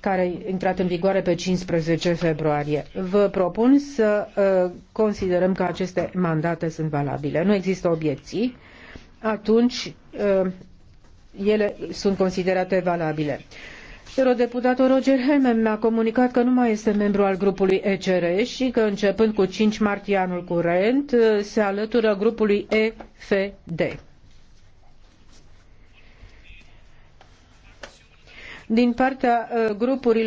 care a intrat în vigoare pe 15 februarie. Vă propun să uh, considerăm că aceste mandate sunt valabile. Nu există obiecții. Atunci uh, ele sunt considerate valabile. Eurodeputatul Roger Helmen mi-a comunicat că nu mai este membru al grupului ECR și că începând cu 5 martie anul curent uh, se alătură grupului EFD. din partea uh, grupurilor